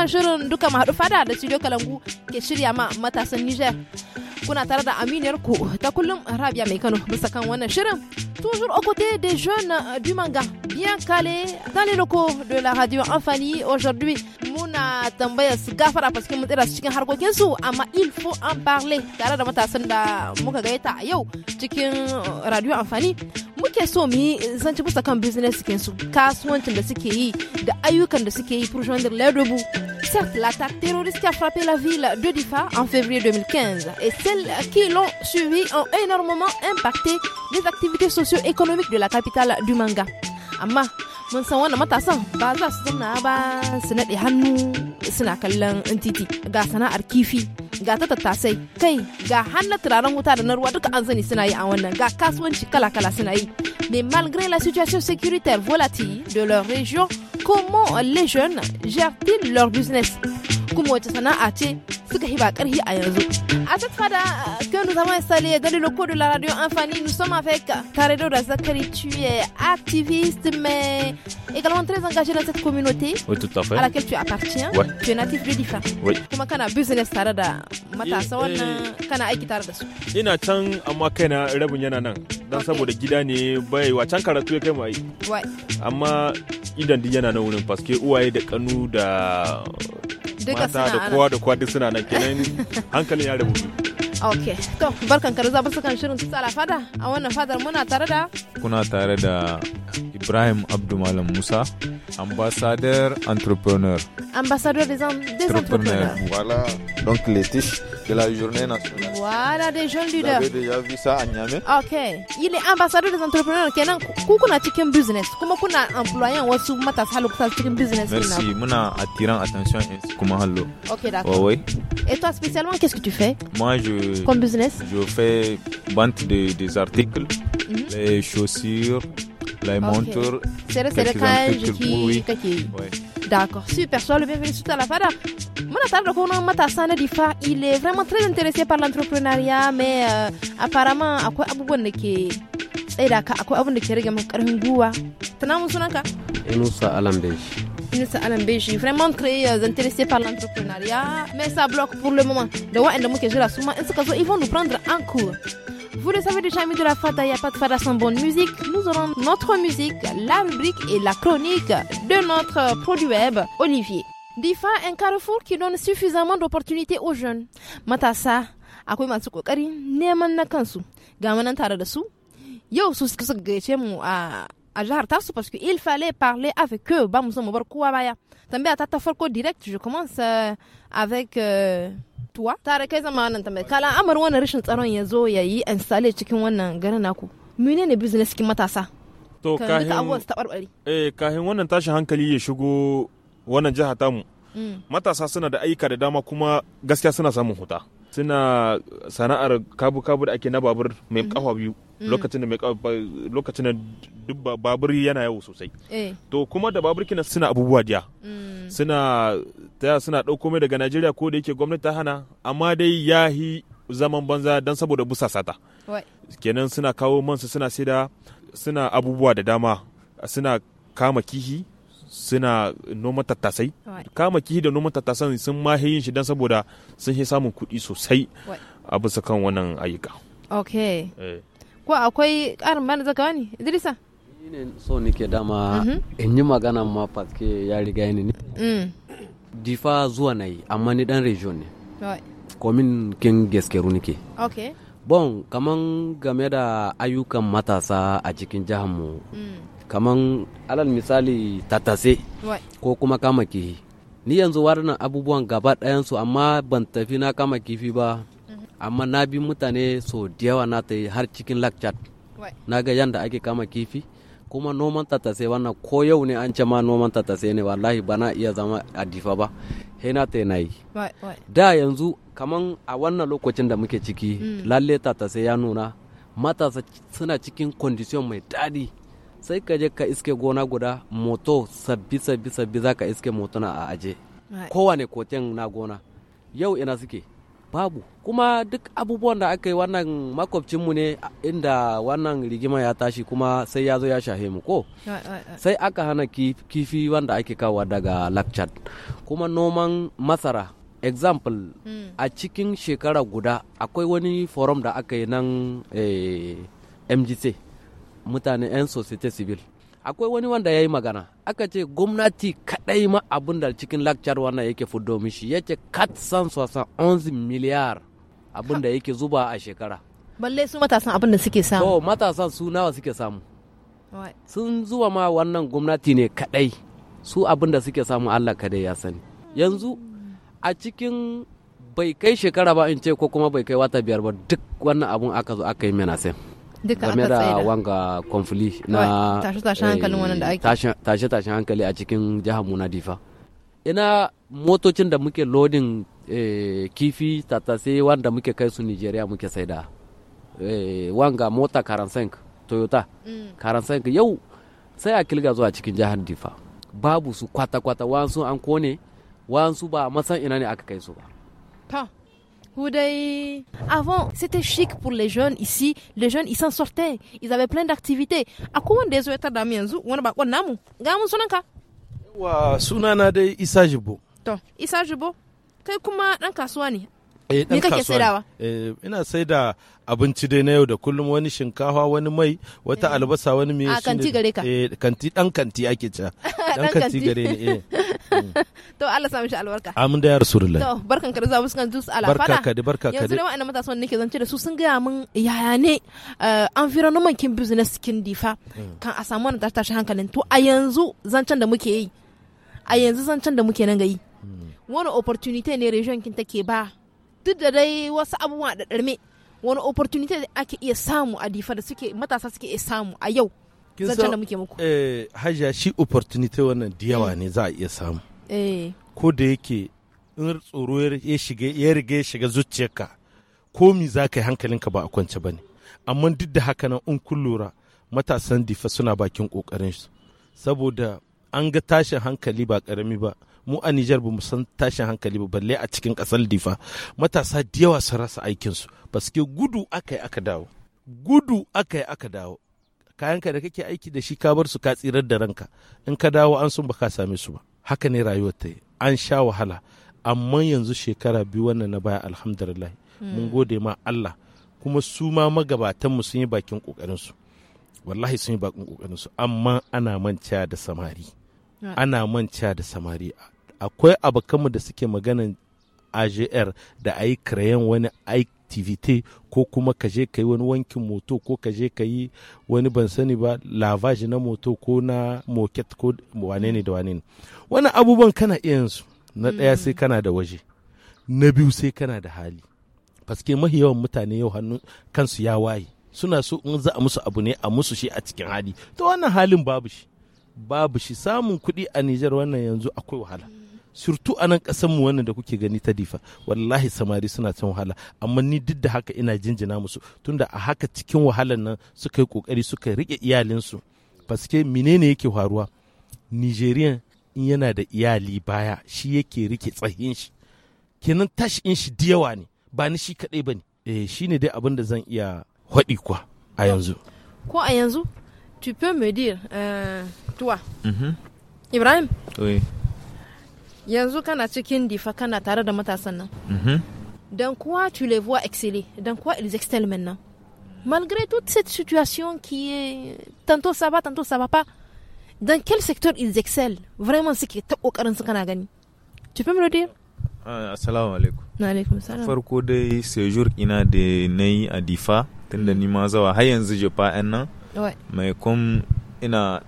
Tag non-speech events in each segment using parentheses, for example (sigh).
wannan shirin duka mahaɗu fada da studio kalangu ke shirya ma matasan Niger. Kuna tare da aminiyar ku ta kullum Rabia Mai Kano bisa kan wannan shirin. Toujours aux côtés des jeunes du manga bien calés dans les locaux de la radio Infani aujourd'hui muna tambaya su gafara fa cikin matsira su cikin harkokin su amma il faut en parler tare da matasan da muka gaita a yau cikin uh, radio amfani muke so mu yi zanci kan business cikin su kasuwancin da suke yi da ayyukan da suke yi pour joindre les deux bouts Certes, l'attaque terroriste qui a frappé la ville de Difa en février 2015 et celles qui l'ont suivie ont énormément impacté les activités socio-économiques de la capitale du manga. Amma, mun san wannan matasan ba za su zamna ba su naɗe hannu suna kallon titi ga sana'ar kifi ga ta tattasai kai ga hannun turaren wuta da na ruwa duka an zani suna yi a wannan ga kasuwanci kala-kala suna yi mais malgré la situation sécuritaire volatile de leur région comment les jeunes gèrent-ils leur business kuma wace sana'a ce suka hiba karhi a yanzu à cette fada que uh, nous avons installée dans les locaux de la radio Infani nous sommes avec Karedo Razakari tu es activiste mais également très engagé dans cette communauté oui, tout à, fait. à laquelle tu appartiens ouais. tu es natif de Difa oui. kuma kana business tare da matasa wannan eh. kana aiki tare da su ina can amma kaina rabin yana nan dan saboda gida ne bai wa can karatu ya kai mu ai amma idan din yana nan wurin paske uwaye da kanu da mata da kowa da kowa duk suna nan kenan hankalin ya rubutu ok to barkan ka da su sukan shirin tutsa fada a wannan fadar muna tare da kuna tare da ibrahim abdumalam musa ambassadeur entrepreneur ambassadeur des, en, entrepreneurs voilà donc les tiches de la journée nationale voilà des jeunes leaders vous avez déjà vu ça à Niamey ok il est ambassadeur des entrepreneurs kenan ku kuna cikin business kuma kuna employant wasu matasa halukta cikin business merci muna attirant attention kuma hallo ok d'accord oh, oui. et toi spécialement qu'est-ce que tu fais moi je je, comme business Je fais vente de, des articles, mhm. les chaussures, les okay. montres. C'est le qui j'ai D'accord, super. Soit le bienvenu tout à la fada. Mon attendre qu'on a matassa na difa, il est vraiment très intéressé par l'entrepreneuriat, mais euh, apparemment à quoi abubon ne ke tsaida ka akwai abun da ke rage maka karfin guwa. Tana Nous sunanka? Inusa Alambe. Inès suis vraiment très intéressé par l'entrepreneuriat, mais ça bloque pour le moment. Ils vont nous prendre en cours. Vous le savez déjà, amis de la il n'y a pas de faire sans bonne musique. Nous aurons notre musique, la rubrique et la chronique de notre produit web, Olivier. Difa, un carrefour qui donne suffisamment d'opportunités aux jeunes. Matassa, akwai masu Je neman na a jihar tasu parce qu'il fallait parler avec eux ba mu san mu bar baya tambaya ta ta farko direct je commence euh, avec euh, toi tare kai zama wannan tambaya kala amar wannan rashin tsaron ya zo ya yi installe cikin wannan garin naku menene business kin matasa to kahin eh kahin wannan tashin hankali ya shigo wannan jiha tamu mm. matasa suna da ayyuka da dama kuma gaskiya suna samun huta suna sana'ar kabu-kabu da ake na babur mai mhm. kafa biyu mhm. lokacin da mai lokacin da duk babur yana yawo sosai eh. to kuma da babur kina suna abubuwa diya mm. suna ta suna dauko mai daga Najeriya ko da yake gwamnati ta hana amma dai yahi zaman banza dan saboda busa sata kenan suna kawo mansu suna saida suna abubuwa da dama suna kama kihi suna noman tattasai kama kihi da noman tattasan sun mahe yin shi don saboda sun shi samun kuɗi sosai a bisa kan wannan ayyuka ok eh. ko akwai ƙarin bana zaka wani idrisa ne so nike dama mhm. in yi magana ma paske ya riga ni ne mm. difa zuwa na yi amma ni dan region ne komin kin gaskeru nike ok bon kaman game da ayyukan matasa a cikin jihar mu mm. kaman alal misali tatase ko kuma kama kifi ni yanzu waɗannan abubuwan gaba ɗayansu amma ban tafi na kama kifi ba mhm. amma na bi mutane so diyawa yawa na ta yi har cikin lakcat na ga yadda ake kama kifi kuma noman tatase wannan ko yau ne an ce ma noman tatase ne wallahi bana iya zama a difa ba he na ta na yi da yanzu kaman a wannan lokacin da muke ciki mm. lalle tatase ya nuna matasa suna cikin kondisiyon mai daɗi sai ka je ka iske gona guda moto sabbi sabbi sabbi za ka iske moto na a aje kowane koten na gona yau ina suke babu kuma duk abubuwan da aka yi wannan makwabcinmu ne inda wannan rigima ya tashi kuma sai ya zo ya shahe mu ko sai aka hana kifi wanda ake kawo daga lakchad kuma noman masara example hmm. a cikin shekara guda akwai wani forum da aka yi nan eh, mgc mutane 'yan societe civil akwai wani wanda ya yi magana aka ce gwamnati kadai ma abin da cikin lakcar wannan yake fudo mishi ya ce 11 miliyar abin da yake zuba a shekara balle su matasan abin da suke samu to matasan su nawa suke samu sun zuwa ma wannan gwamnati ne kadai su abin da suke samu allah kadai ya sani yanzu a cikin bai kai shekara ba in ce ko kuma bai kai wata biyar ba duk wannan abun aka zo aka yi menasem game da wanga konfili na tashe-tashen eh, hankali a cikin jihar mu na difa ina motocin da muke lodin eh, kifi tatase wanda muke kai su nigeria muke saida eh, wanga mota karansank toyota mm. karansank yau sai a kilga zuwa cikin jihar difa babu su kwata-kwata wansu an kone wansu ba masan ina ne aka kai su ba Avant, c'était chic pour les jeunes ici. Les jeunes, ils s'en sortaient. Ils avaient plein d'activités. À quoi on désolé On a bakon namu. sunana Kai kuma dan Eh, dan Eh, ina dai na yau da kullum wani shinkafa wani mai wata eh. albasa wani ah, kanti gare ka. Eh, kanti (laughs) to Allah sa shi albarka amin da ya rasulullahi to barkan ka da zuwa fuskan zuwa ala fada barka ka da barka ka da matasa wa'annan matasan nake zance da su sun ga mun yaya ne eh, environment kin business kin difa mm. kan a samu wannan tashi hankalin to a yanzu zancen da muke yi a yanzu zancen da muke nan ga yi mm. wani opportunity ne region kin take ba duk da dai wasu abubuwa da darme wani opportunity ake iya samu a difa da suke matasa suke iya samu a yau zancen da muke muku eh hajja shi opportunity wannan da yawa ne za a iya samu eh ko da yake in tsoro ya shiga ya riga ya shiga zuciyarka ko mi za ka yi hankalinka ba a kwance ba ne amma duk da haka nan in kun matasan difa suna bakin kokarin su saboda an ga tashin hankali ba karami ba mu a Nijar ba san tashin hankali ba balle a cikin kasar difa matasa da yawa sun rasa aikinsu ba suke gudu aka yi aka dawo gudu aka yi aka dawo kayanka da kake aiki da shi ka bar su ka tsirar da ranka in ka dawo an sun baka same su ba haka ne rayuwar ta an sha wahala amma yanzu shekara biyu wannan na baya alhamdulillah hmm. mun gode ma Allah kuma su ma magabatan mu sun yi bakin kokarin su wallahi sun yi bakin kokarin su amma ana manta da samari ana manta da samari akwai abokanmu da suke maganan AJR da ayi krayon wani aiki activity ko kuma ka je ka yi wani wankin moto ko ka je ka yi wani ban sani ba lavage na moto ko na moket ko wane ne da wane ne wani abubuwan kana iya su na mm. ɗaya sai kana da waje na biyu sai kana da hali faske mahi yawan mutane yau hannu kansu ya waye suna so in za a musu abu ne a musu shi a cikin hali to wannan halin babu shi babu shi samun kuɗi a Nijar wannan yanzu akwai wahala surtu a nan mu wannan da kuke gani ta difa wallahi samari suna can wahala amma ni duk da haka ina jinjina musu tunda a haka cikin wahalan nan suka yi kokari suka rike iyalinsu paske menene yake faruwa nigerian in yana da iyali baya shi yake rike tsahin shi kenan tashi in shi diyawa ne ba ni shi kadai ba ne eh, shi ne dai abin da zan iya haɗi kwa a yanzu ko a yanzu tu peux me dire euh, toi mhm. Ibrahim oui yanzu kana cikin difa kana tare da matasan nan mhm. dans quoi tu les vois exceller, dans quoi ils excellent maintenant. Malgré toute cette situation qui est tantôt ça va, tantôt ça va pas, dans quel secteur ils excellent Vraiment, ce qui au Tu peux me le dire ah, Assalamu alaikum. Alaikum salam. Farko dai séjour ina da nayi a Difa tunda ni ma zawa har yanzu je pas un an. Ouais. Mais comme ina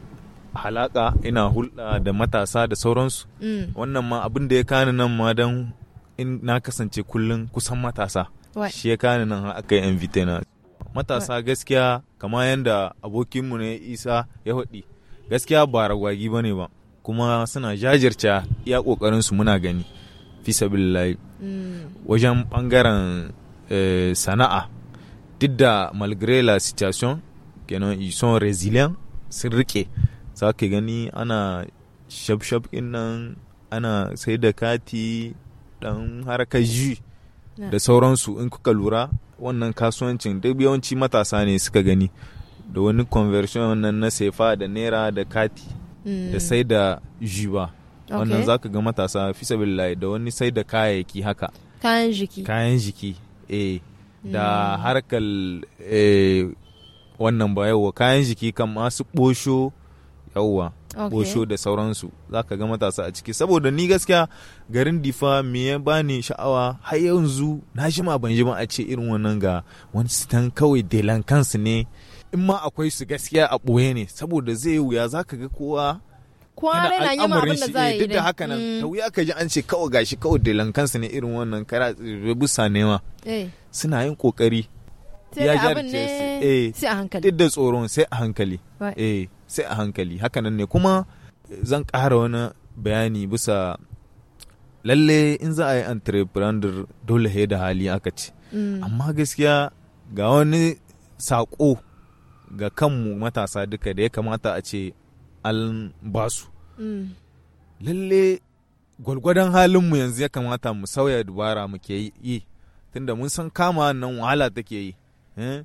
halaka ina hulɗa da matasa da sauransu mm. wannan ma abin da ya kani nan ma don in na kasance kullum kusan matasa shi ya kani nan aka yi invite na matasa gaskiya kama yadda abokinmu ne isa ya haɗi gaskiya ba ragwagi ba ne ba kuma suna jajirce iya ƙoƙarinsu muna gani fi sabillahi mm. wajen ɓangaren eh, sana'a duk da malgré la situation kenan ils sont résilients sun rike za ka gani ana shab-shab nan ana sai da kati dan harkar ji da sauransu in kuka lura wannan kasuwancin duk yawanci matasa ne suka gani da wani conversion wannan na sefa da naira da kati da mm. sai da ba. wannan za ka ga matasa fi sabillahi da wani sai da kayayyaki haka kayan jiki kayan jiki eh da mm. harkar eh, wannan bayawa kayan jiki kan masu ɓosho yawwa bosho da sauransu za ka ga matasa a ciki saboda ni gaskiya garin difa me ya bani sha'awa har yanzu na jima ban jima a ce irin wannan ga wani sitan kawai delan kansu ne in ma akwai su gaskiya a ɓoye ne saboda zai wuya za ka ga kowa kwanan na yi abin da za eh, yi duk da haka nan mm. da wuya ka ji an ce kawai gashi kawai delan kansu ne irin wannan kara eh, bisa nema eh. suna yin kokari ya gyara chelsea eh, sai a hankali duk da tsoron sai a hankali eh, sai a hankali hakanan ne kuma eh, zan ƙara wani bayani bisa lalle in za a yi entrepreneur dole he da hali aka ce mm. amma gaskiya ga wani saƙo ga kanmu matasa duka da ya kamata a ce an basu mm. lalle gwalgwadon halinmu yanzu ya kamata mu sauya dubara muke yi tunda mun san kama nan wahala take yi Eh?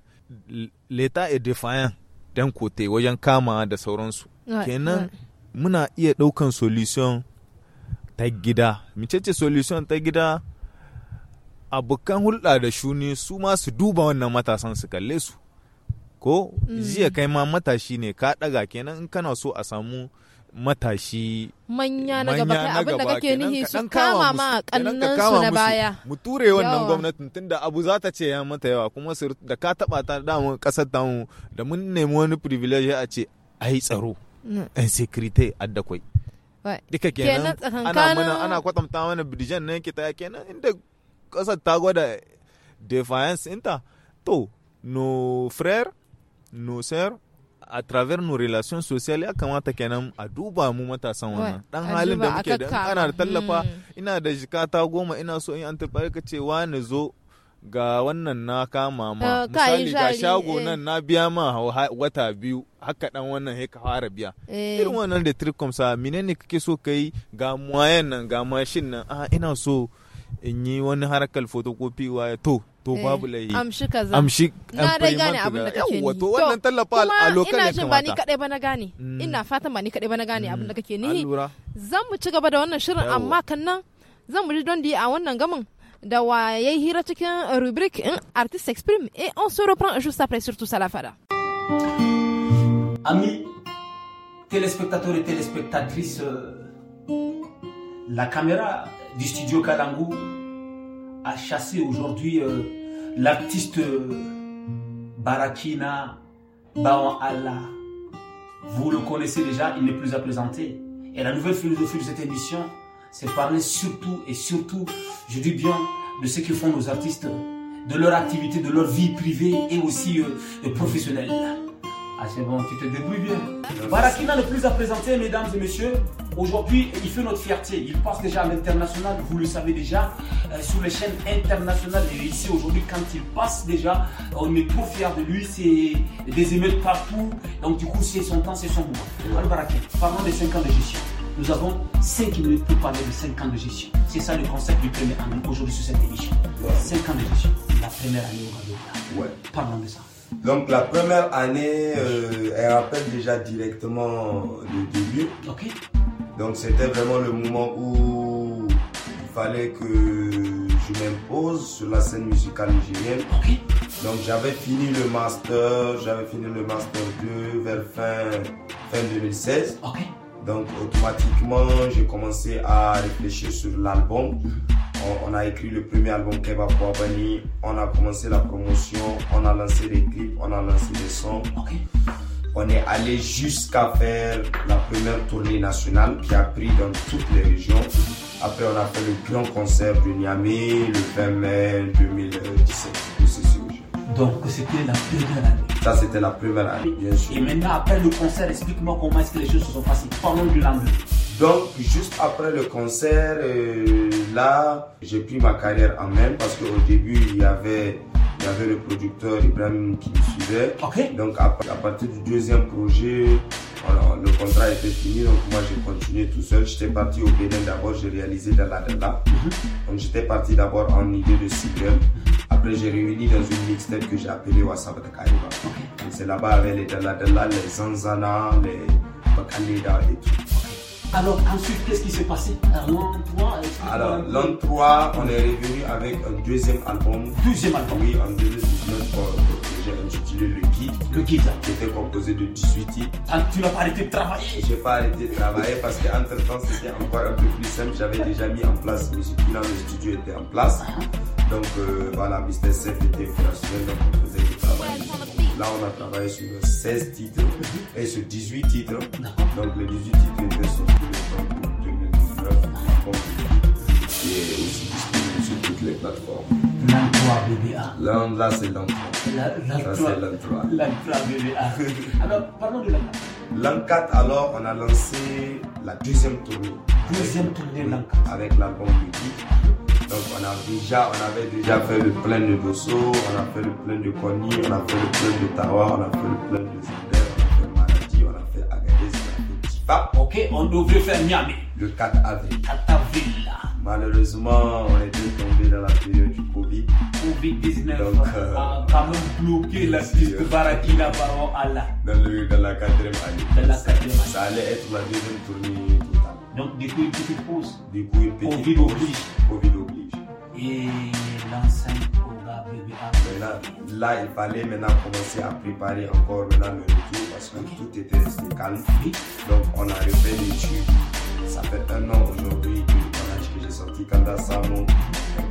leta a defiant dan kote wajen kama da sauransu kenan muna iya ɗaukan solution ta gida micece solution ta gida abokan hulɗa da shuni su ma su duba wannan matasan su kalle su ko mm. jiya kai ma matashi ne ka ɗaga kenan in kana so a samu matashi manya na gaba kai abin da kake nihi su kama ma kannansu na baya mu ture wannan gwamnatin tunda abu za ta ce ya mata yawa kuma su da ka taba ta damu kasar tamu da mun nemi wani privilege a ce ai tsaro mm. an security adda kwai duka kenan ana mana ana kwatanta mana bidijan nan ke ta kenan inda kasar ta gwada defiance inta to no frere no sir a travers nos relations social ya kamata kenan a duba mu matasan wannan dan halin da muke da kana da tallafa hmm. ina da jikata goma ina so in an tabbata ka ce wani zo ga wannan na kama ma eh, misali ga shago eh. nan na biya ma wata biyu haka dan wannan ya ka fara biya eh. irin wannan da tricom sa menene kake so kai ga muwayen nan ga mashin nan a ina so in yi wani harkar photocopy wa to to eh, babu layi amshi kaza amshi na dai eh, gane abin da eh, kake ni to wannan tallafa a lokacin ina jin ba ni kadai ba na gane mm. ina fatan ba ni kadai ba na gane abin da mm. kake ni zan mu ci gaba da wannan shirin amma kan nan zan mu ji don di a wannan gamin da wa yayi hira cikin rubric in artist exprime et on se reprend juste après sur tout ça la fada amis téléspectateurs et téléspectatrices euh, la caméra du studio Kalangu a chassé aujourd'hui euh, l'artiste euh, Barakina Baon Allah, vous le connaissez déjà, il n'est plus à présenter. Et la nouvelle philosophie de cette émission, c'est parler surtout et surtout, je dis bien, de ce que font nos artistes, de leur activité, de leur vie privée et aussi euh, professionnelle. Ah, c'est bon, tu te débrouilles bien. Barakina le plus à présenter, mesdames et messieurs. Aujourd'hui, il fait notre fierté. Il passe déjà à l'international, vous le savez déjà, sous euh, sur les chaînes internationales. Et ici, aujourd'hui, quand il passe déjà, on est trop fiers de lui. C'est des émeutes partout. Donc, du coup, c'est son temps, c'est son moment. Alors, Barakina, parlons des 5 ans de gestion. Nous avons 5 minutes pour parler de 5 ans de gestion. C'est ça le concept du premier année aujourd'hui sur cette émission. 5 ans de gestion. La première année au Ouais. Parlons de ça. Donc la première année, euh, elle rappelle déjà directement le début. Donc c'était vraiment le moment où il fallait que je m'impose sur la scène musicale nigérienne. Donc j'avais fini le master, j'avais fini le master 2 vers fin, fin 2016. Donc automatiquement j'ai commencé à réfléchir sur l'album on, a écrit le premier album Keba Kouabani, on a commencé la promotion, on a lancé des clips, on a lancé des sons. On est allé jusqu'à faire la première tournée nationale qui a pris dans toutes les régions. Après, on a fait le grand concert de Niamey le 20 mai 2017. Donc, c'était la première année. Ça, c'était la première année, bien sûr. Et maintenant, après le concert, explique-moi comment est-ce que les choses se sont passées pendant de lendemain. Donc, juste après le concert, euh, là, j'ai pris ma carrière en main parce qu'au début, il y avait il y avait le producteur Ibrahim qui me suivait. Donc à, partir du deuxième projet, le contrat était fini, donc moi j'ai continué tout seul. J'étais parti au Bénin d'abord, j'ai réalisé dans la mhm. Donc j'étais parti d'abord en idée de single. Après j'ai réuni dans une mixtape que j'ai appelée Wassab de Kariba. C'est là-bas avec les Dalla les Zanzana, les Bakaleda et tout. Alors ensuite, qu'est-ce qui s'est passé Alors l'an 3, on est revenu avec un deuxième album. Deuxième album Oui, en 2019, euh, j'ai intitulé Le Guide. Le Guide Qui était composé de 18 titres. Ah, tu n'as pas arrêté de travailler J'ai pas arrêté de travailler parce qu'entre temps, c'était encore un peu plus simple. J'avais déjà mis en place, mes studios, le studio était en place. Ah. Donc euh, voilà, business safe était opérationnel, donc on faisait du travail. Là, on a travaillé sur 16 titres et sur 18 titres. Donc, les 18 titres étaient sortis en 2019. Et aussi disponible sur toutes les plateformes. L'an 3 BBA. Là, c'est l'an 3. c'est l'an 3. BBA. Alors, parlons de l'an 4. L'an 4, alors, on a lancé la deuxième tournée. Deuxième tournée, l'an 4. Avec l'album BBA on avait déjà fait le plein de Bosso, on a fait le plein de Kony, on a fait le plein de Tawa, on a fait le plein de Zander, on a fait Maradi, on a fait Agadez, on a fait Tifa. Ok, on devait faire Niamey. Le 4 avril. Malheureusement, on était tombé dans la période du Covid. Covid-19 euh, a ah, quand même bloqué la piste euh, Barakina par oh Allah. Dans, dans la quatrième année. Dans la quatrième année. Ça allait être la deuxième tournée donc, des couilles une petite pause. Du coup, une petite Covid oblige. Covid oblige. Et l'enceinte au là, là, il fallait maintenant commencer à préparer encore maintenant le retour parce que tout était resté calme. Donc, on a refait l'étude. Ça fait un an aujourd'hui que j'ai sorti Kanda Samon.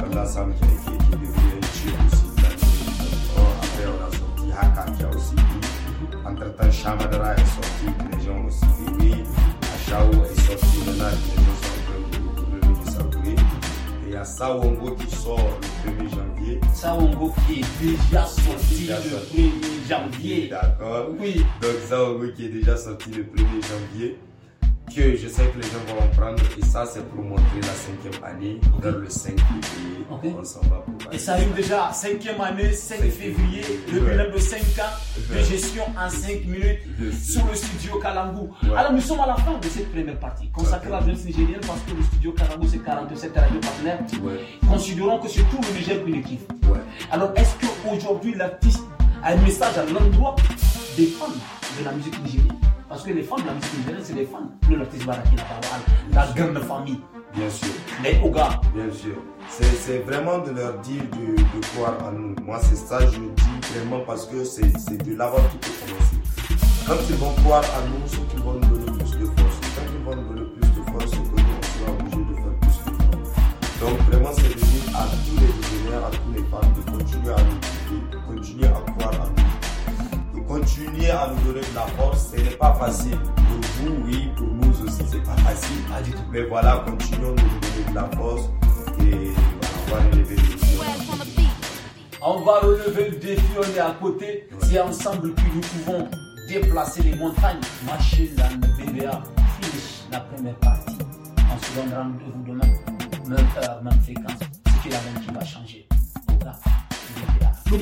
Kanda Sam qui, a qui est devenu un tube aussi. Après, on a sorti Haka qui a aussi dit. Entre-temps, Shamadra est sorti, les gens aussi vivent. Chao est sorti, le il Et il y a Sawongo qui sort le 1er janvier. Sawongo qui est déjà sorti le 1er janvier. D'accord. Oui. Donc Sawongo qui est déjà sorti le 1er janvier que je sais que les gens vont prendre. Et ça, c'est pour montrer la cinquième année. Dans le 5 février, Et ça arrive déjà, cinquième année, 5 février, le bilan de 5 ans de gestion en 5 minutes sur le studio Kalangu. Alors, nous sommes à la fin de cette première partie consacrée à la jeunesse nigérienne parce que le studio Kalangu, c'est 47 radios partenaires. Considérons que c'est tout le Niger nous Ouais. Alors, est-ce qu'aujourd'hui, l'artiste a un message à l'endroit des fans de la musique nigérienne parce que les femmes, la Miss c'est les femmes. Le la grande famille. Bien sûr. Les gars Bien sûr. C'est vraiment de leur dire de, croire en nous. Moi, c'est ça, je dis vraiment parce que c'est de qui tout commencer Quand ils vont croire en nous, ceux qui vont nous donner plus de force. Quand ils vont nous donner plus de force, c'est que nous, on sera obligé de faire plus que Donc, vraiment, c'est de dire à tous les visionnaires, à tous les femmes de continuer à nous de continuer à croire en nous continuer à nous donner de la force. Ce n'est pas facile. Pour vous, oui, pour nous aussi, c'est pas facile. Mais voilà, continuons de nous donner de la force et on va relever le défi. On va relever le défi, on est à côté. C'est ensemble que nous pouvons déplacer les montagnes. Marcher le BBA, finish la première partie. On se donne rendez-vous demain, même heure, même fréquence. qui est la même qui va changer. Au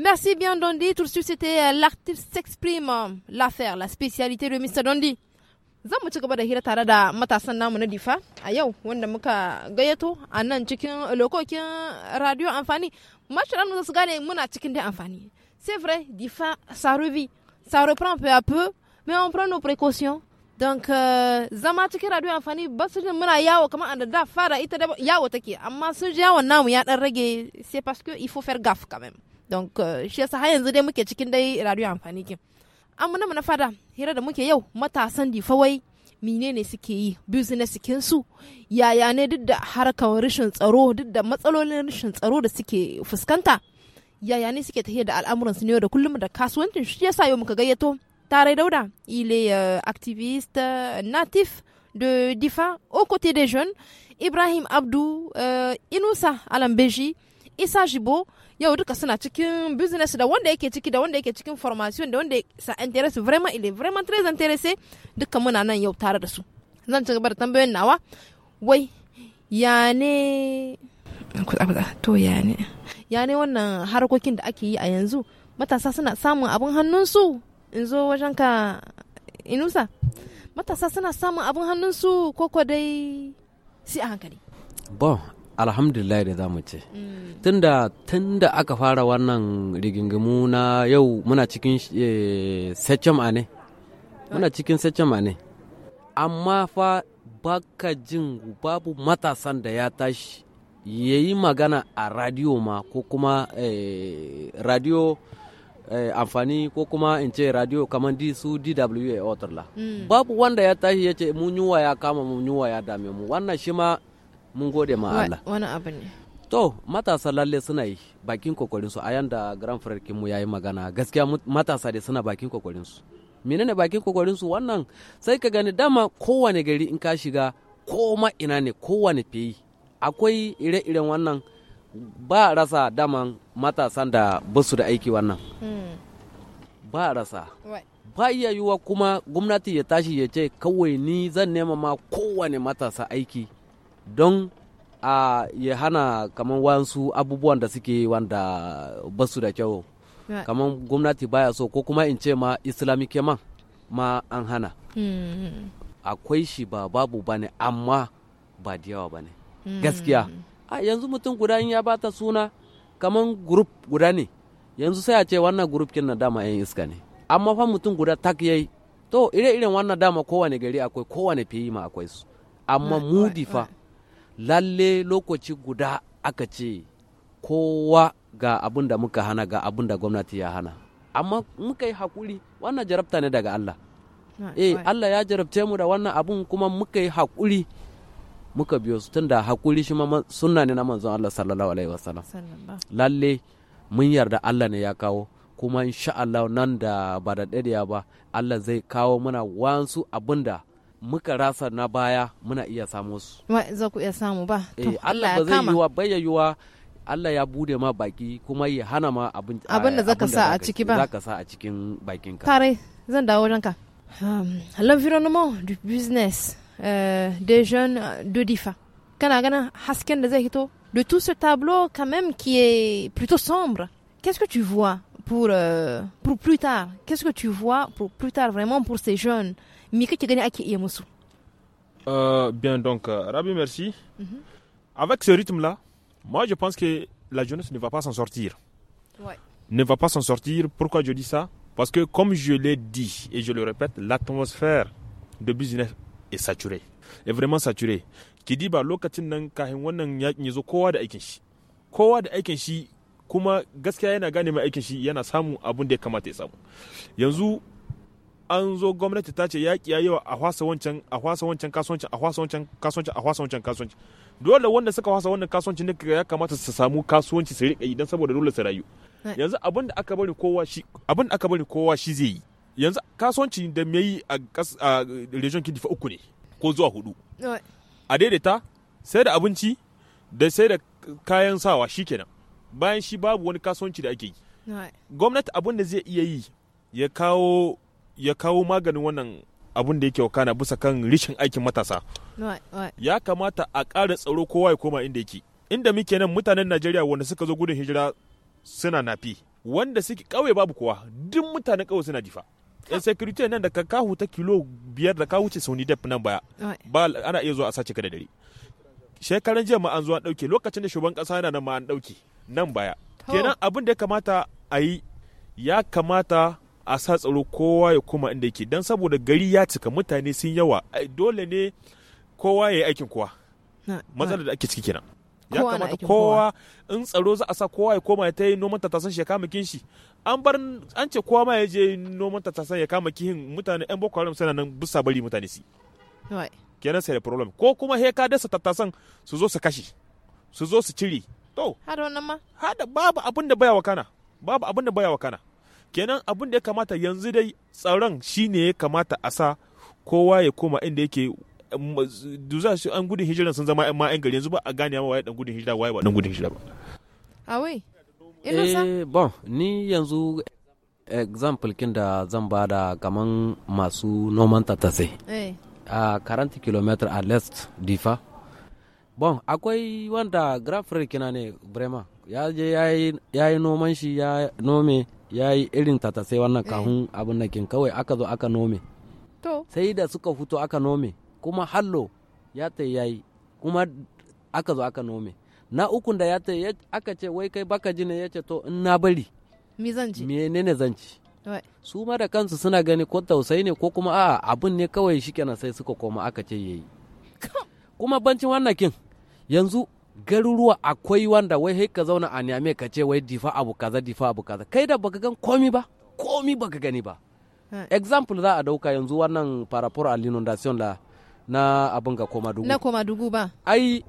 Merci bien, Dondi. Tout de suite, c'était euh, l'artiste s'exprime, l'affaire, la spécialité de Mr. Dondi. zan mu ci gaba da hira tare da matasan namu na difa a yau wanda muka gayyato a nan cikin lokokin radio amfani mashiranmu za su gane muna cikin dai amfani c'est vrai difa ça revit ça reprend peu à peu mais on prend nos précautions donc euh, zama cikin radio amfani ba su jin muna yawo kamar da da fara ita da yawo take amma sun ji yawon namu ya dan rage c'est parce que il faut faire gaffe quand même don eh, shi yasa har yanzu dai muke cikin dai radio amfani kin amma na mana fada hira da muke yau matasan difawai menene suke yi business kin su yaya ne duk da harkar rashin tsaro duk da matsalolin rashin tsaro da suke fuskanta yaya ne suke tafiya da al'amuran su ne da kullum da kasuwancin shi yasa yau muka gayyato Tare Dauda ile eh, activist eh, native de Difa au côté des jeunes Ibrahim Abdou inusa Alambeji isa Jibo yau duka suna cikin business da wanda yake ciki da wanda yake cikin formation da wanda sa interest vraiment il est vraiment très intéressé duka muna nan yau tare da su zan ci gaba da tambayoyin nawa wai ya ne to ya ne ya ne wannan harkokin da ake yi a yanzu matasa suna samun abin hannunsu in zo wajen ka inusa matasa suna samun abin hannunsu koko dai si a hankali bon alhamdulillah da zamu ce mm. tunda tunda aka fara wannan rigingimu na yau muna cikin eh, a ne muna cikin a ne amma fa baka jin babu matasan da ya tashi ya yi magana a radio ma ko kuma eh, radio eh, amfani ko kuma in ce radio kamar di su dwa autor la mm. babu wanda ya tashi ya ce mun yunwa ya kama mun yunwa ya dame mu wannan shi ma mun gode ma Allah wani abu ne to matasa lalle suna yi bakin kokorinsu a yanda grand frère mu yayi magana gaskiya matasa da suna bakin kokorinsu. mene ne bakin kokorinsu wannan sai ka gani dama kowane gari in ka shiga ko ina ne kowane feyi akwai ire-iren wannan ba rasa daman matasan da basu da aiki wannan hmm. ba rasa ba iya yiwuwa kuma gwamnati ya tashi ya ce kawai ni zan nema ma kowane matasa aiki don a ya hana kamar wasu abubuwan da suke wanda basu da kyau kamar gwamnati baya so ko kuma in ce ma islamic ma ma an hana hmm. akwai shi ba babu ba ne amma ba da yawa ba ne hmm. gaskiya a yanzu mutum guda in ya bata suna kamar grup guda ne yanzu sai a ce wannan grup kin na dama yan iska ne amma fa mutum guda tak yayi to ire-iren wannan dama kowane gari akwai kowane fiye ma akwai su amma mudi fa lalle lokaci guda aka ce kowa ga abin da muka hana ga abin da gwamnati ya hana amma muka yi hakuri wannan jarabta ne daga Allah eh Allah ya jarabce mu da wannan abun kuma muka yi hakuri muka biyo su tunda hakuri shi ma sunna ne na manzon Allah sallallahu alaihi wasallam lalle mun yarda Allah ne ya kawo kuma insha Allah nan da ba da ba Allah zai kawo mana wansu abin da muka rasa na baya muna iya samu su za ku iya samu ba eh, Allah ba zai yiwa baya yiwa Allah ya bude ma baki kuma ya hana ma abin da eh, zaka sa a ciki ba zaka sa a cikin bakin ka tare zan dawo wajenka um, l'environnement du business euh, des jeunes de Difa kana gana hasken da zai hito de tout ce tableau quand même qui est plutôt sombre qu'est-ce que tu vois pour euh, pour plus tard qu'est-ce que tu vois pour plus tard vraiment pour ces jeunes me kake gani ake iya musu Euh, bien, donc, euh, Rabi, merci. Mhm. Avec ce rythme-là, moi, je pense que la jeunesse ne va pas s'en sortir. Ouais. Ne va pas s'en sortir. Pourquoi je dis ça Parce que, comme je l'ai dit et je le répète, l'atmosphère de business est saturée. Est vraiment saturée. ki dit, bah, lokacin nan kahin wannan yakin yazo kowa da aikin shi. Kowa da aikin shi kuma gaskiya yana gane mai aikin shi yana samu abun da ya kamata ya samu. Yanzu an zo gwamnati ta ce yaƙi yayi yawa a hwasa wancan a hwasa wancan kasuwanci a hwasa wancan kasuwanci a hwasa wancan kasuwanci dole wanda suka hwasa wannan kasuwanci ne ya kamata su samu kasuwanci su riƙa idan saboda dole su rayu yanzu abin da aka bari kowa shi abin da aka bari kowa shi zai yi yanzu kasuwanci da me yi a region kidifa uku ne ko zuwa hudu a daidaita sai da abinci da sai da kayan sawa shikenan bayan shi babu wani kasuwanci da ake yi gwamnati abin da zai iya yi ya kawo ya kawo maganin wannan abun da yake wakana bisa kan rishin aikin matasa ya kamata a ƙara tsaro kowa ya koma inda yake inda muke nan mutanen najeriya wanda suka zo gudun hijira suna nafi wanda suke ƙauye babu kowa duk mutanen ƙauye suna difa yan security nan da ka kahu ta kilo biyar da ka wuce sauni def nan baya ba ana iya zuwa a sace ka da dare shekaran jiya ma an zo an ɗauke lokacin da shugaban ƙasa yana nan ma an ɗauke nan baya kenan abin da ya kamata a yi ya kamata a sa tsaro kowa ya koma inda yake don saboda gari ya cika mutane sun yawa dole ne kowa ya yi aikin kowa matsalar da ake ciki kenan ya kamata kowa in tsaro za a sa kowa ya koma ya ta yi noman tatasan shi ya kama kinshi an bar an ce kowa ma ya je noman tatasan ya kama kin mutane yan boko haram suna nan bisa bari mutane si kenan sai da problem ko kuma he ka dasa tattasan su zo su kashe su zo su cire to har wannan ma hada babu abin da baya wakana babu abin da baya wakana kenan abin da ya kamata yanzu dai tsaron shine ya kamata a sa kowa ya koma inda yake duza shi an gudun hijira sun zama ma yan gari yanzu ba a gane ma waye dan gudun hijira waye ba dan gudun hijira ba awai eh bon ni yanzu example kin da zan da kaman masu noman tattasai eh. a 40 km a lest difa bon akwai wanda grafir kina ne brema ya je ya yi noman shi ya nome ya yi irin tatasai wannan eh. kahun abin na kin kawai aka zo aka nome to sai da suka fito aka nome kuma hallo ya ta yayi kuma aka zo aka nome na ukun da ya ta aka ce wai kai baka ji ne ya ce to in na bari me zan ci menene zan ci su ma da kansu suna gani ko tausayi ne ko kuma a'a abin ne kawai shikenan sai suka koma aka ce yayi kuma bancin wannan kin yanzu garuruwa akwai wanda wai sai ka zauna a niyame ka ce wai difa abu kaza difa abu kaza kai da baka gan komi ba komi baka gani ba example za a dauka yanzu wannan parapor al inundation la na abin ga koma dugu na koma dugu ba ai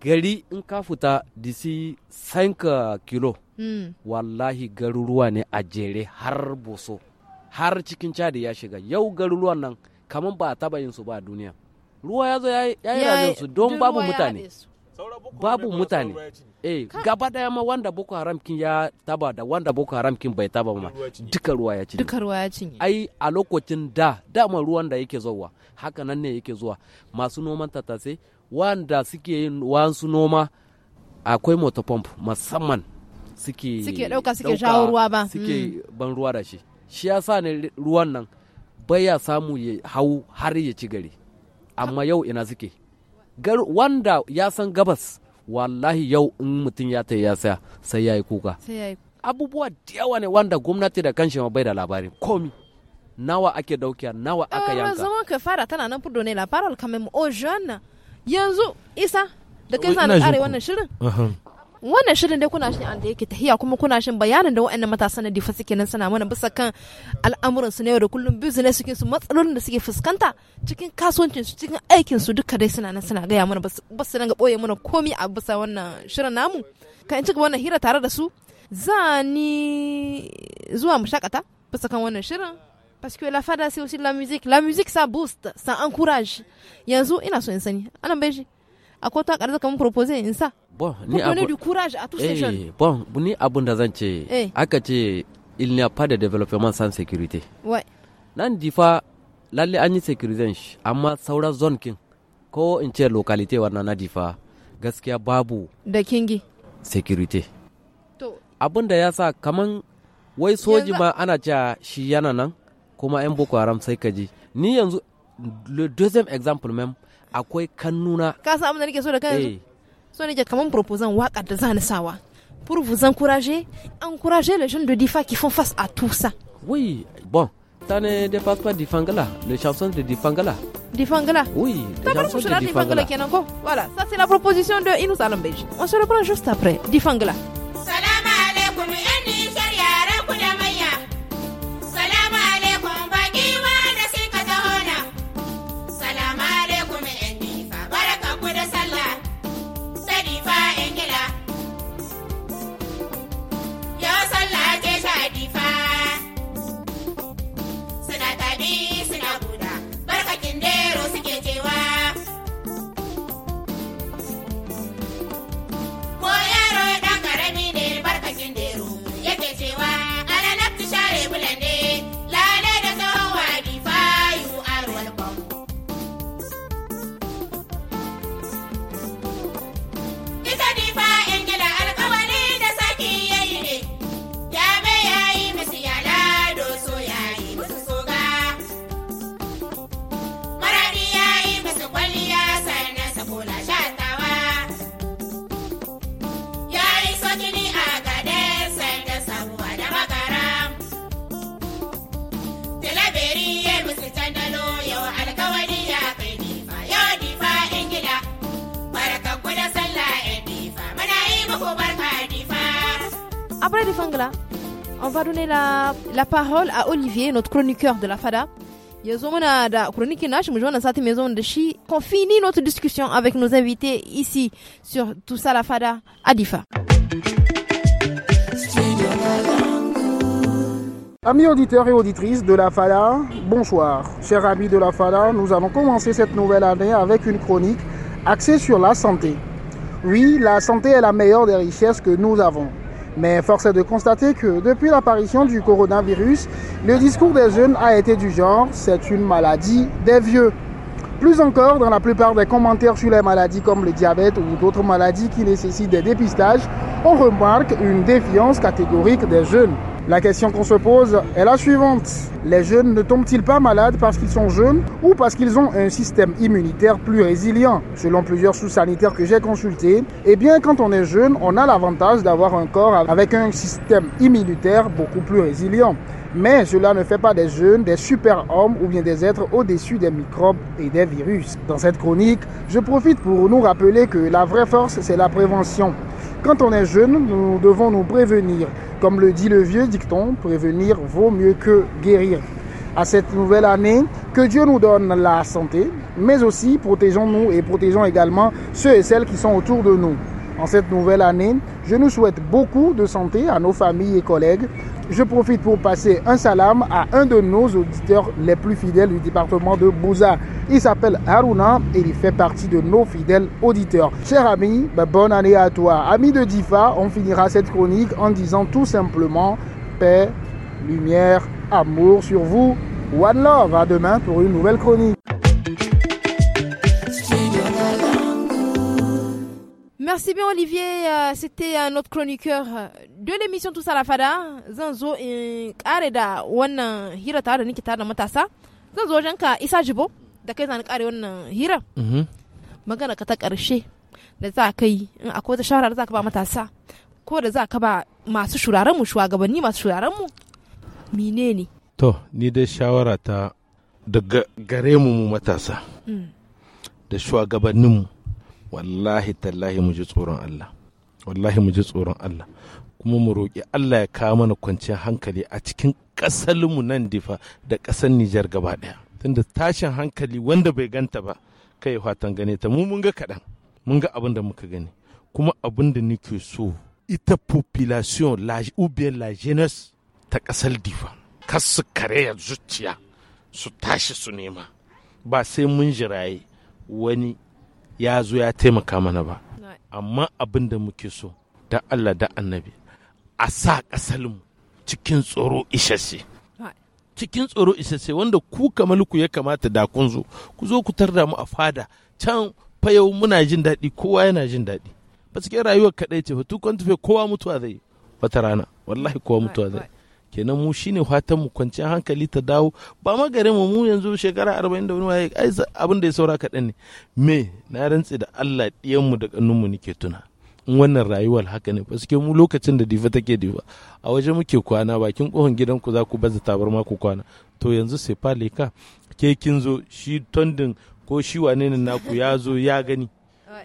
gari in ka fita disi 5 kilo hmm. wallahi garuruwa ne a jere har boso har cikin chadi ya shiga yau garuruwan nan kamar ba a taba yin su ba a duniya ruwa ya zo ya yi don babu mutane babu mutane eh gaba daya ma wanda boko haram kin ya taba da wanda boko haram kin bai taba ma duka ruwa ya cinye duka ruwa ya cinye ai a lokacin da dama ruwan da yake zuwa haka nan ne yake zuwa masu noman tatase wanda suke yin wansu noma akwai motor pump musamman suke suke dauka suke shawo ruwa ba suke hmm. ban ruwa da shi shi yasa ne ruwan nan baya samu ya hau har ya ci gari amma yau ina suke wanda ya san gabas wallahi yau in mutum ya ta ya saya sai ya yi kuka abubuwa da yawa ne wanda gwamnati da kanshi ma bai da labarin komi nawa ake daukiya nawa ah, aka yanka zaman ka fara tana nan fudo ne labaral kamar mu o oh, yanzu isa da kai zan na wannan shirin wannan shirin dai kuna shi an da yake tahiya kuma kuna shin bayanin da waɗannan matasan na difa suke nan suna mana bisa kan al'amuran su na yau da kullum business suke su matsalolin da suke fuskanta cikin kasuwancin su cikin aikin su duka dai suna nan suna gaya mana ba su nan ga boye mana komi a bisa wannan shirin namu kan ci gaba wannan hira tare da su za ni zuwa mu shakata bisa kan wannan shirin parce que la fada c'est aussi la musique la musique ça booste ça encourage yanzu ina so in sani anan bai shi akwai ta zaka mun proposal in sa bon ni abu du courage à tous ces eh, jeunes bon ni abun da zan ce eh. aka ce il n'y a pas de développement sans sécurité ouais nan difa lalle an yi amma saura zone kin ko in ce locality wannan na difa gaskiya babu da kingi sécurité. to abin da ya sa kaman wai soji ma ana cewa shi yana nan kuma yan boko haram sai ka ji ni yanzu le deuxième exemple même à quoi ka ce que nous so sawa pour vous encourager encourager les jeunes de Difa qui font face à tout ça oui bon ça ne dépasse pas Difangala les chansons de Difangala Difangala oui voilà ça c'est la proposition de Inus Alambej on se reprend juste après Difangala la, parole à Olivier, notre chroniqueur de la FADA. On finit notre discussion avec nos invités ici sur Tout ça la Fada Adifa. Amis auditeurs et auditrices de la FADA, bonsoir. Chers amis de la FADA, nous allons commencer cette nouvelle année avec une chronique axée sur la santé. Oui, la santé est la meilleure des richesses que nous avons. Mais force est de constater que depuis l'apparition du coronavirus, le discours des jeunes a été du genre c'est une maladie des vieux. Plus encore, dans la plupart des commentaires sur les maladies comme le diabète ou d'autres maladies qui nécessitent des dépistages, on remarque une défiance catégorique des jeunes. La question qu'on se pose est la suivante. Les jeunes ne tombent-ils pas malades parce qu'ils sont jeunes ou parce qu'ils ont un système immunitaire plus résilient Selon plusieurs sous-sanitaires que j'ai consultés, eh bien quand on est jeune, on a l'avantage d'avoir un corps avec un système immunitaire beaucoup plus résilient. Mais cela ne fait pas des jeunes des super-hommes ou bien des êtres au-dessus des microbes et des virus. Dans cette chronique, je profite pour nous rappeler que la vraie force, c'est la prévention. Quand on est jeune, nous devons nous prévenir. Comme le dit le vieux dicton, prévenir vaut mieux que guérir. À cette nouvelle année, que Dieu nous donne la santé, mais aussi protégeons-nous et protégeons également ceux et celles qui sont autour de nous. En cette nouvelle année, je nous souhaite beaucoup de santé à nos familles et collègues, je profite pour passer un salam à un de nos auditeurs les plus fidèles du département de Bouza. Il s'appelle Haruna et il fait partie de nos fidèles auditeurs. Cher ami, bah, bonne année à toi. Ami de Difa, on finira cette chronique en disant tout simplement paix, lumière, amour sur vous. One love. À demain pour une nouvelle chronique. Merci bien Olivier, euh, c'était notre chroniqueur euh, de l'émission Tous à la Fada. Zan zo Areda, kare da wannan hira ta da nake tare da matasa. Zan zo ka Isa Jibo da kai zan kare wannan hira. Mhm. Magana ka ta karshe da za ka yi in akwai wata shawara da za ka ba matasa ko da za ka ba masu shuraren mu shugabanni masu shuraren mu menene? To, ni dai shawara ta daga gare mu matasa mm. da shugabanninmu. mu. wallahi tallahi mu ji tsoron Allah wallahi mu tsoron Allah kuma mu roƙi Allah ya kawo mana kwanciyar hankali a cikin mu nan difa da ƙasar Nijar gaba ɗaya tunda tashin hankali wanda bai ganta ba kai fatan gane ta mu mun ga kaɗan mun ga abin da muka gani kuma abin da nake so ita population la ou la jeunesse ta ƙasar difa kas su kareya zuciya su tashi su nema ba sai mun jiraye wani ya zo ya taimaka mana ba amma abin da muke so da Allah da annabi a sa ƙasalmu cikin tsoro isasshe cikin tsoro isasshe wanda ku kamaluku ya kamata da kun zo ku zo ku tarda mu a fada can fayau muna jin daɗi kowa yana jin daɗi ba cikin rayuwar kaɗai ce fa tukon tufe kowa mutuwa zai wata rana wallahi kowa mutuwa zai kenan mu shine fatan mu kwanciyar hankali ta dawo ba ma gare mu mu yanzu shekara arba'in da wani waye abin da ya saura kaɗan ne me na rantse da Allah ɗiyan mu da ƙannun mu nake tuna in wannan rayuwar haka ne suke mu lokacin da difa take difa a waje muke kwana bakin kohon gidanku za ku baza tabarma ku kwana to yanzu sai faleka ke kin zo shi tondin ko shi wane ne naku ya zo ya gani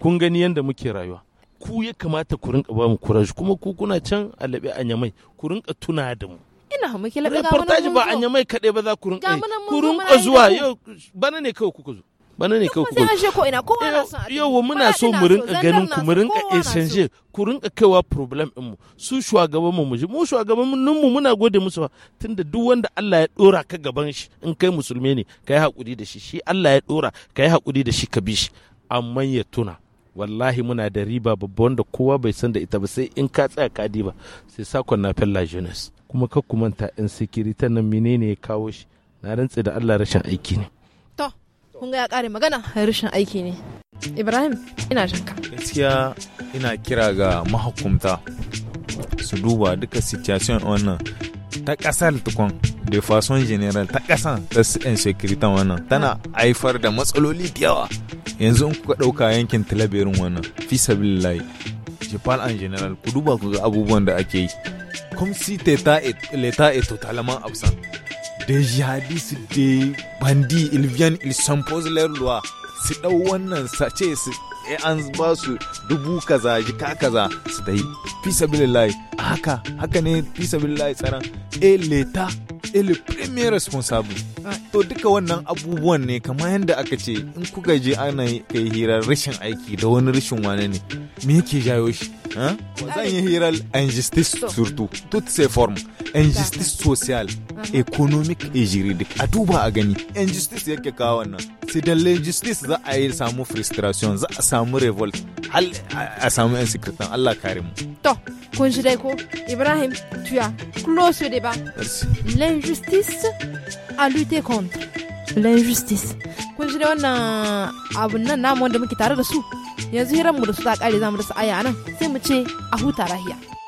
kun gani yadda muke rayuwa ku ya kamata ku rinka ba mu kuma ku kuna can alabe a nyamai ku rinka tuna da mu ina mu kila ga reportage ba anya mai kade ba za ku ai eh, ku rinka zuwa yau bana ne kai ku zo bana ne kai kuka zo ko ina son yau muna so mu rinka ganin ku mu rinka exchange eh, ku rinka kaiwa problem din mu su shugaban mu muji mu shugaban mu muna gode musu tunda duk wanda Allah ya dora ka gaban shi in kai musulmi ne kai hakuri da shi shi Allah ya dora kai hakuri da shi ka bi shi amma ya tuna wallahi muna da riba babba wanda kowa bai san da ita ba sai in ka tsaya kadi ba sai sakon na fella jeunesse kuma ka in sikirita nan menene ya kawo shi na rantsi da Allah rashin aiki ne to kun ga ya kare magana rashin aiki ne ibrahim ina shanka. gaskiya ina kira ga mahukunta su duba duka situation wannan ta kasar tukun de façon general ta kasan ta insecurity wannan tana haifar da matsaloli da yawa yanzu in kuka ɗauka yankin talabirin wannan fi sabilillahi je parle en général ku ku ga abubuwan da comme si l'état est totalement absent des jihadistes des bandits ils viennent ils s'imposent leurs lois su dau wannan sace haka haka ne l'état ele premier responsable to duka wannan abubuwan ne kamar yadda aka ce in kuka je ana kai hirar rashin aiki da wani rashin wane ne me yake jayo shi hein? injustice surtout toutes ces formes injustice sociale, uh-huh. économique et juridique a bas à gagner injustice c'est que l'injustice C'est injustice a frustration za révolte samu révolte. hal Allah karim to kun Ibrahim tu as clos ce débat l'injustice à lutter contre l'injustice kun shi da wannan abun nan namu wanda muke tare da su yanzu mu da su ta kare mu da su aya nan sai mu ce a huta rahiya